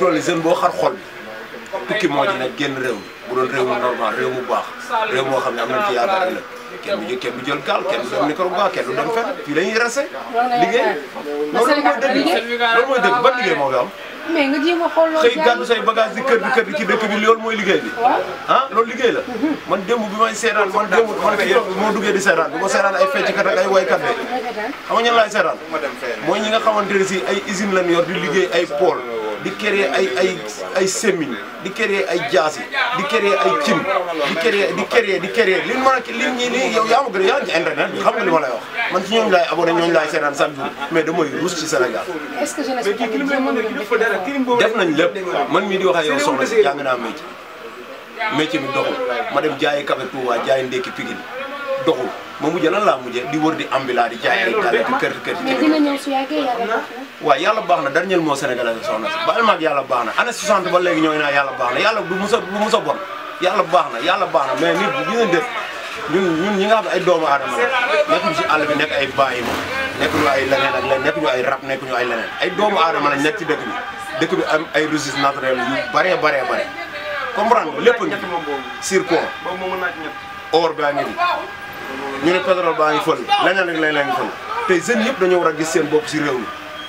toll nii jeune boo xar xol bi tukki moo ci génn réew mi bu doon réew mu normal réew mu baax réew moo xam ne am nañ ci yaakaar ëllëg kenn du kenn du jël gaal kenn du dem micro-gaz kenn du liggéey loolu mooy dëgg loolu mooy moo fi am mais nga jéem a xool di kër bi kër bi ci dëkk bi loolu mooy liggéey bi ah loolu liggéey la man démb bi may seetaan man démb man fi duggee di seetaan bu ko seetaan ay fecckat ak ay waykat de xam nga ñan laay seetaan mooy ñi nga xamante ne si ay usine lañ yor di liggéey ay pôle di créer ay ay ay semine di créer ay jaasi di créer ay cin di créer di créer di créer li mu mën a li mu ñii nii yow yaa ma gën a yaa ngi ci internet bi xam nga li ma man ci ñooñu laay a ñooñu laay seetaan chaque jour mais damay ruus ci Sénégal. est-ce def nañ lépp man mii di wax ak yow soxna si jàng naa métier métier bi doxul ma dem jaayi kafe Touba jaayi ndékki Pikine doxul. ma mujjee lan laa mujjee di wër di ambila di jaay ay galette kër kër ci dina ñëw su yàggee yàlla baax na waaw yàlla baax na dernier mot sénégalais la soxna si baal maag yàlla baax na année 60 ba léegi ñooy naa yàlla baax na yàlla du musa du musa bon yàlla baax na yàlla baax na mais nit ñi ngeen def ñun ñun ñi nga xam ne ay doomu aadama la nekkuñu si àll bi nekk ay bàyyi ma nekkuñu ay leneen ak leneen nekkuñu ay rab nekkuñu ay leneen ay doomu aadama lañ nekk ci dëkk bi dëkk bi am ay ressources naturelles yu bare bare bare comprendre lépp ngi sur quoi or baa ngi ñu ne pétrole baa ngi fële leneen ak leneen ngi fële tey jeunes yëpp dañoo war a gis seen bopp si réew mi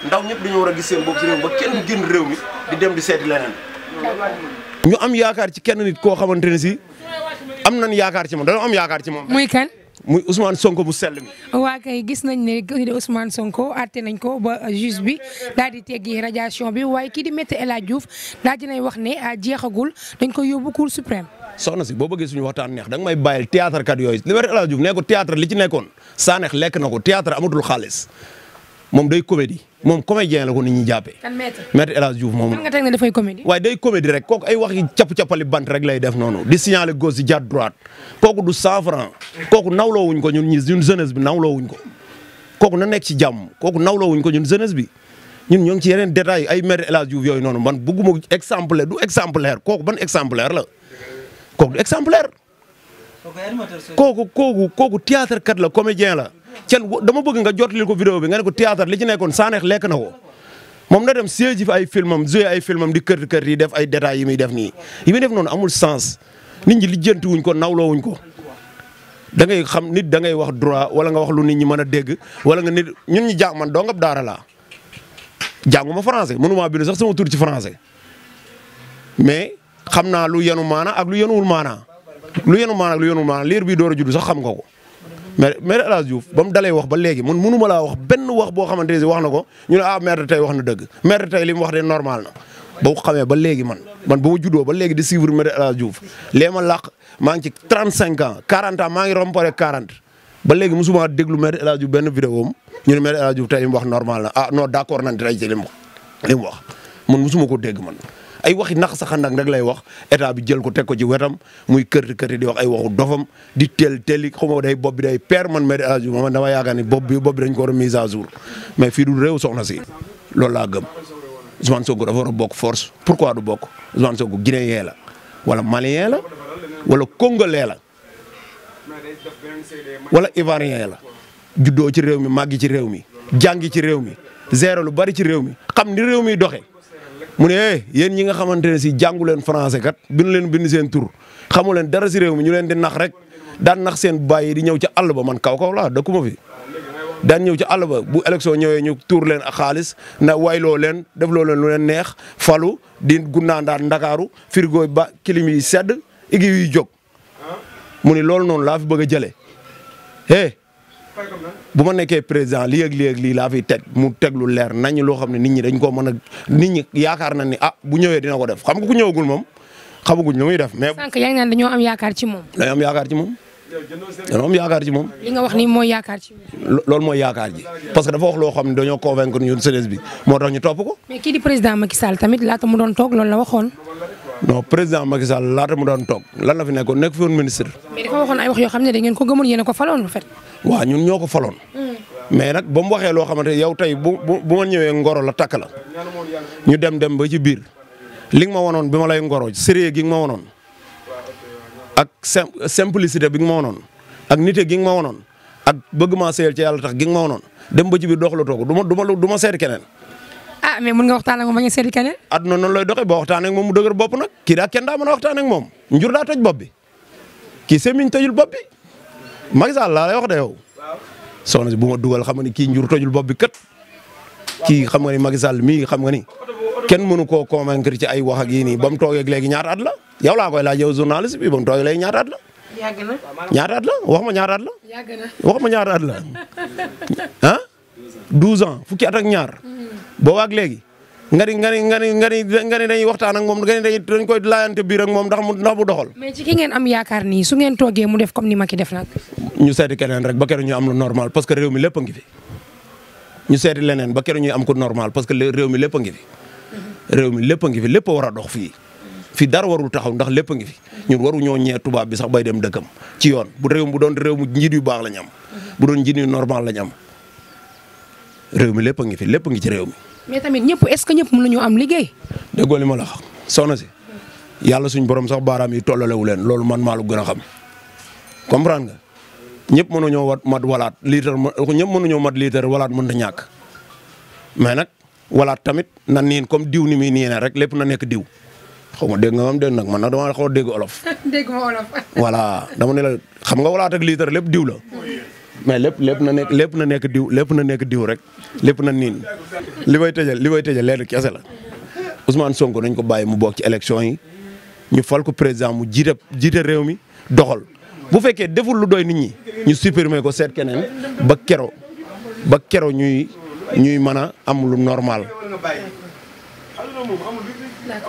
ndaw ñëpp dañoo war a gis seen bopp si réew mi ba kenn du génn réew mi di dem di seeti ñu am yaakaar ci kenn nit koo xamante ne si am nañ yaakaar ci moom dañoo am yaakaar ci moom. muy kan. muy Ousmane Sonko bu sell mi. waa kay gis nañ ne kii di Sonko àtte nañ ko ba juge bi daal di teggi radiation bi waaye kii di Maître El Hadji Diouf daal di nañ wax ne ah, jeexagul dañ ko yóbbu cour suprême. soxna si boo bëggee suñu waxtaan neex da nga may bàyyil théâtre kat yooyu Liberté El Hadj Diouf nee ko théâtre li ci nekkoon Sanekh lekk na ko théâtre amatul xaalis moom day comédie moom comédien la ko nit ñi jàppee. kan maître maître El Hadj Diouf moom. nga teg ne dafay comédie. waaye day comédie rek kooku ay wax yi capp cappali bant def noonu di signaler gauche di jaar droite kooku du 100 francs kooku nawloo wuñ ko ñun ñi ñun jeunesse bi nawloo wuñ ko kooku na nekk ci jàmm kooku nawloo wuñ ko ñun jeunesse bi. ñun ñoo ngi ci yeneen détails ay maître El Hadj Diouf yooyu noonu man bëgguma exemplaire du exemplaire kooku ban exemplaire la kooku du exemplaire. kooku kooku kooku théâtre kat la comédien la can dama bëgg nga jot jottali ko vidéo bi nga ne ko théâtre li ci nekkoon Sanekh lekk na ko moom na dem séegi fi ay filmam joué ay filmam di kër kër yi def ay détails yi muy def nii yi muy def noonu amul sens nit ñi lijjanti wuñ ko nawloo wuñ ko da ngay xam nit da ngay wax droit wala nga wax lu nit ñi mën a dégg wala nga nit ñun ñi jàng man dongab daara laa jànguma français mënuma bind sax sama tur ci français xam naa lu yenu maana ak yen wu maana lu yenu maana ak lu yenuwul maana liir bii door a judd sax xam nga ko mais maire El Hadj Diouf ba mu dalee wax ba léegi mun mënu ma laa wax benn wax boo xamante ne wax na ko ñu ne ah maire tey wax na dëgg maire tey li mu wax de normal na ba xamee ba léegi man man ba ma juddoo ba léegi di suivre maire El Hadj Diouf lee ma làq maa ngi ci 35 ans 40 ans maa ngi rompore 40 ba léegi mosuma déglu maire El Hadj benn vidéo am ñu ne maire El Hadj Diouf tey wax normal na ah d' accord nañ tey ci li mu wax li mu wax man mosuma dégg man ay waxi nax sa xandak rek lay wax état bi jël ko teg ko ci wetam muy kërti kërti di wax ay waxu dofam di tel teeli xaw moo day bopp bi day per man ma à jour man dama yaakaar ni bopp bi bopp bi dañ ko war a mise à jour mais fii du réew soxna si loolu laa gëm Ousmane Sonko dafa war a bokk force pourquoi du bokk Ousmane Sonko guinéen la wala malien la wala congolais la wala ivoirien la juddoo ci réew mi màggi ci réew mi jàngi ci réew mi zéro lu bari ci réew mi xam ni réew mi doxee mu ne eh yéen ñi nga xamante ne si jàngu leen français kat bindu leen bind seen tur xamu leen dara si réew ñu leen di nax rek daan nax seen baay di ñëw ca àll ba man kaw kaw laa dëkkuma fi. daan ñëw ci àll ba bu élection ñëwee ñu tuur leen a xaalis na wayloo leen def loo leen lu leen neex falu di gunnaandaat ndakaaru frigo ba kilimi sedd igi yuy jóg mu ni loolu noonu laa fi bëgg a jëlee eh, bu ma nekkee président lii ak lii ak teg mu teg lu leer nañ loo xam ne nit ñi dañ koo mën a nit ñi yaakaar nañ ni ah bu ñëwee dina ko def xam nga ku ñëwagul moom xamaguñ lu muy def. mais sànq yaa ngi naan dañoo am yaakaar ci moom. dañoo am yaakaar ci moom. dañoo am yaakaar ci moom. li nga wax nii mooy yaakaar ci moom. loolu yaakaar ji parce que dafa wax loo xam ne dañoo convaincre ñun jeunesse bi moo tax ñu topp ko. mais kii di président Macky Sall la waxoon. non président Macky Sall laata mu doon toog lan la fi nekkoon nekk fi woon ministre. mais wax yoo xam ne da ngeen ko gëmoon yéen a ko faloon en fait. ñun ñoo ko faloon. Hmm. mais nag ba mu waxee loo xamante yow tey bu bu bu ma ñëwee ngoro la takk la ñu dem dem ba ci biir li ma wanoon bi ma lay ngoro sérieux gi nga ma wanoon ak simplicité bi nga ma wanoon ak nite gi nga ma wanoon ak bëgg maa seeyal ci yàlla tax gi nga ma wanoon dem ba ci biir doxalatoo ko du ma du ma seeti keneen. ah mais mun nga waxtaan ak moom bañ a seeti keneen. adduna noonu lay doxee boo waxtaanee ak moom mu dëgër a waxtaan ak moom njur daa toj bopp bi kii semiñ tojul bopp bi laa lay wax de yow soxna bu ma dugal xam nga ni kii njur tojul bopp bi kat kii xam nga ni Macky Sall mii xam nga ni kenn mënu koo convaincre ci ay wax ak yii nii ba mu toogeeg léegi ñaata at la yow laa koy laaj yow journaliste la. yàgg na wax ma ñaata at la. yàgg wax ma ñaata at la ans fukki at ak ñaar mm. boobaag léegi nga ni nga ni nga ni nga ni nga ni waxtaan ak moom nga ni dañ koy laayante biir moom ndax mu ndax mu doxal. mais ci ki ngeen su ngeen toogee mu def comme ni Macky def nag. ñu seeti keneen rek ba keroog ñu am lu normal parce que réew mi lépp a ngi fi ñu seeti leneen ba keroog ñu am ko normal parce que réew mi lépp a ngi fi. réew mi lépp ngi fi lépp war a dox fii fii dara warul taxaw ndax lépp a ngi fi ñun waru ñee tubaab bi sax bay dem dëkkam ci yoon bu réew bu doon réew mu njiit yu baax am bu doon njiit normal la am réew mi lépp ngi fi lépp ngi ci réew mi mais tamit ñëpp est-ce que ñëpp mën am liggéey. déggoo li ma la wax soxna si yàlla suñ borom sax baaraam yi tollalewu leen loolu man maa lu gën a xam comprendre nga ñëpp mënuñoo wat mat walaat litre ñëpp mënuñoo mat litre walaat mën ta ñàkk mais nag walaat tamit na niin comme diw ni mi nii ne rek lépp na nekk diw xaw ma dégg nga moom dégg nag man nag dama xaw a dégg olof. dégg ma olof. voilà dama ne la xam nga walaat ak litre lépp diw la. mais lépp lépp na nekk lépp na nekk diw lépp na nekk diw rek lépp na niin li may tëjal li may tëjal leer kese la Ousmane Sonko nañ ko bàyyi mu bokk ci élection yi ñu fal ko président mu jiita jiite réew mi doxal bu fekkee deful lu doy nit ñi ñu supprimer ko seet keneen ba kero ba kero ñuy ñuy mën a am normal.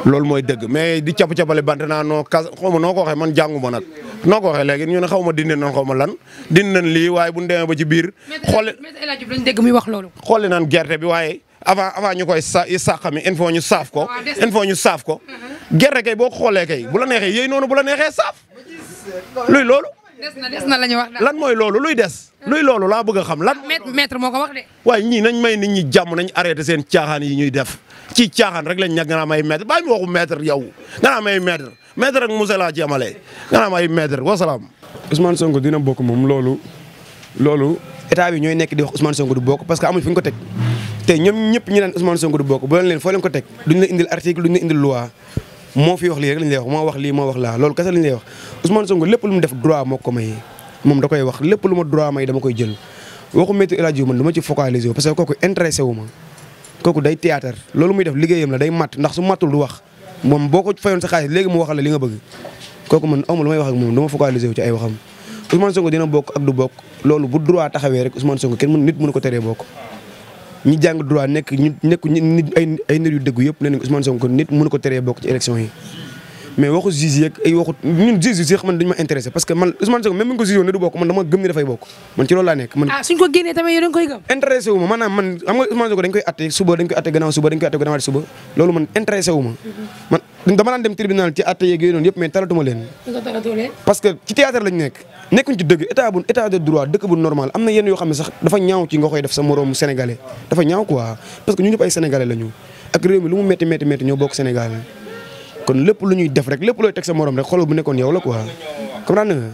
loolu mooy dëgg mais di cap capale bant naa noo kas xaw ma noo ko waxee man jàngu ma nag noo ko waxee léegi ñu ne xaw ma dindi nan xaw ma lan dindi nan lii waaye bu ñu demee ba ci biir. xooli lañ dégg muy wax loolu. xooli naan gerte bi waaye avant avant ñu koy sa sàqami il faut ñu saaf ko. il ñu saaf ko. Uh-huh. gerte kay boo xoolee kay bu la neexee yéy noonu bu la neexee saaf luy loolu. des na la ñu wax lan mooy loolu luy des. luy loolu laa bëgg xam lan. maître moo ko wax de. waaye ñi nañ may nit ñi jàmm nañ arrêté seen caaxaan yi ñuy def ci caaxaan rek lañ ñàkk nga naan ay mètre bàyyi ma waxu mètre yow nga naan ay mètre mètre ak Moussa laa ci amalee nga naan ay mètre wasalaam. Ousmane Sonko dina bokk moom loolu loolu état bi di wax Ousmane Sonko du bokk parce que amuñ fu ñu ko teg te ñoom ñëpp ñu naan bokk bu leen teg duñ la indil article duñ la moo wax lii rek lañ lay lii moo wax laa loolu kese lañ lay lépp lu mu def droit moo moom da koy wax lépp lu ma droit may dama koy jël waxu météo rajo man du ma que kooku intéressé wu ma kooku day théâtre loolu muy def liggéeyam la day matt ndax su mattul du wax moom boo ko fayoon sa xaalis léegi mu waxal la li nga bëgg kooku man amul lu may wax ak moom dama focaliser wu ci ay waxam Ousmane Sonko dina bokk ak du bokk loolu bu droit taxawee rek Ousmane Sonko kenn mën nit mënu ko tere bokk ñi jàng nekk ñu nekk ay ay nit yu dëgg yëpp ne nañ Ousmane Sonko nit mënu ko teree bokk ci élection yi mais waxu juge yeeg ay waxu ñun juge yi sax man dañu ma intéressé parce que man Ousmane Sonko même bu ñu ko juge woon ne du bokk man dama gëm ne ah, ko génnee tamit yow koy atte suba dañ koy atte gannaaw suba loolu man intéressé wu man dama daan dem tribunal ci atte yeeg noonu yëpp mais talatuma parce que ci théâtre lañ nekk nekkuñ ci dëgg état bu état de droit dëkk bu normal am na yenn yoo xam ne sax dafa ñaaw ci nga koy def sa moroom sénégalais dafa ñaaw quoi parce que ñu ñëpp ay sénégalais lañu ak réew mi lu mu kon lépp lu ñuy def rek lépp looy teg sa morom rek xoolal bu nekkoon yow la quoi comprendre nga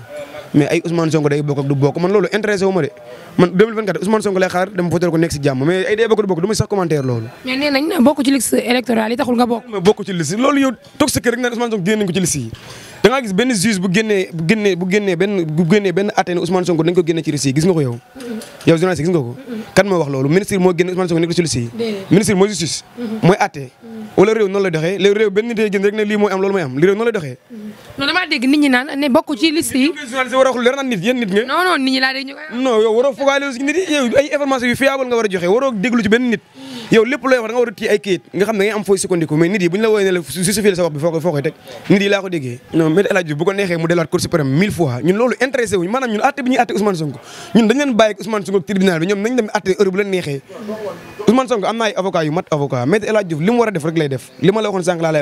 mais ay Ousmane Sonko day bokk ak du man loolu intéressé wu de man 2024 Ousmane Sonko lay xaar dama voter ko nekk si jàmm ay day bokk du bokk du commentaire loolu. mais nee nañ bokk ci liste électorale yi nga bokk. mais loolu yow toog sa kër rek naan Ousmane Sonko génne da gis benn juge bu génnee bu génnee bu génnee benn bu génnee benn atte ne Ousmane Sonko dañ ko génne ci liste yi gis nga ko yow yow journaliste gis nga ko moo wax loolu ministre moo génne Ousmane Sonko nekk ci liste yi ministre mooy justice mooy wala réew noonu lay doxee léegi benn nit génn rek ne lii mooy am loolu mooy am li réew noonu lay doxee non damaa nit ñi naan ne bokk ci liste war a wax leer naan nit yéen nit nga nga war a joxe waroo déglu ci benn nit yow lépp looy wax da nga war a ay kayit nga xam ne ngay am fooy sukkandiku mais nit yi bu ñu la wooyee ne la justifier sa wax bi foo koy foo koy teg nit yi laa ko déggee non mais El Hadji bu ko neexee mu delaat cour suprême mille fois ñun loolu intéressé wuñu maanaam ñun atte bi ñuy atte Ousmane Sonko ñun dañ leen bàyyi Ousmane Sonko tribunal bi ñoom nañ dem atte heure bu leen neexee Ousmane Sonko am na ay mat avocat Maître El Hadji Diouf li mu war a def rek lay def li la waxoon sànq laa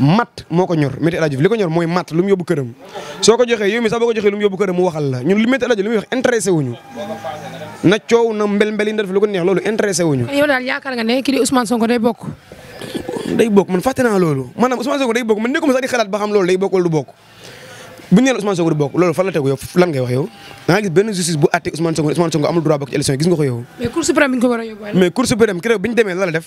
mat moo ko ñor Maître El Hadji Diouf li ko ñor mooy mat lu soo ko joxee yow mi sax boo ko joxee lu mu la ñun li Maître El Hadji Diouf li muy wax intéressé wuñu na coow na mbel mbel yi def lu ko loolu intéressé wuñu yow daal yaakaar nga ne kii di Ousmane Sonko day bokk day bokk man fàtte naa loolu maanaam Ousmane loolu day bokk wala bu ñu nee Ousmane Sonko du bokk loolu fan la tegu yow lan ngay wax yow da nga gis benn justice bu àtte Ousmane Sonko Ousmane Sonko amul droit bokk ci élection yi gis nga ko yow. mais Cour suprême bi ñu ko war a yóbbu mais Cour suprême keroog bi ñu demee la la def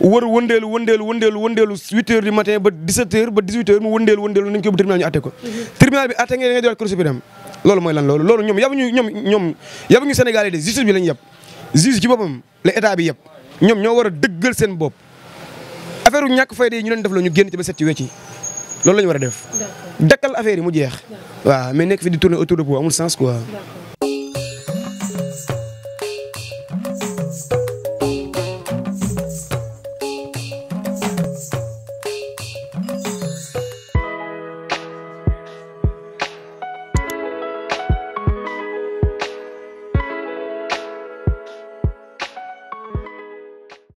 wër wëndeelu wëndeelu wëndeelu wëndeelu 8 heures du matin ba 17 heures ba 18 heures mu wëndeelu wëndeelu nañ ko yóbbu tribunal ñu àtte ko. Mhm. tribunal bi àtte nga da ngay joxe Cour suprême loolu mooy lan loolu loolu ñoom yabuñu ñoom ñoom yabuñu Sénégalais de justice bi lañ yab justice ci boppam la état bi yab ñoom ñoo war a dëggal seen bopp affaire ñàkk fayda yi ñu leen def la ñu génn ci ba set ci wecc loolu la ñu war a def. dakkal affaire yi mu jeex. waaw mais nekk fi di tourner autour de poids amul sens quoi.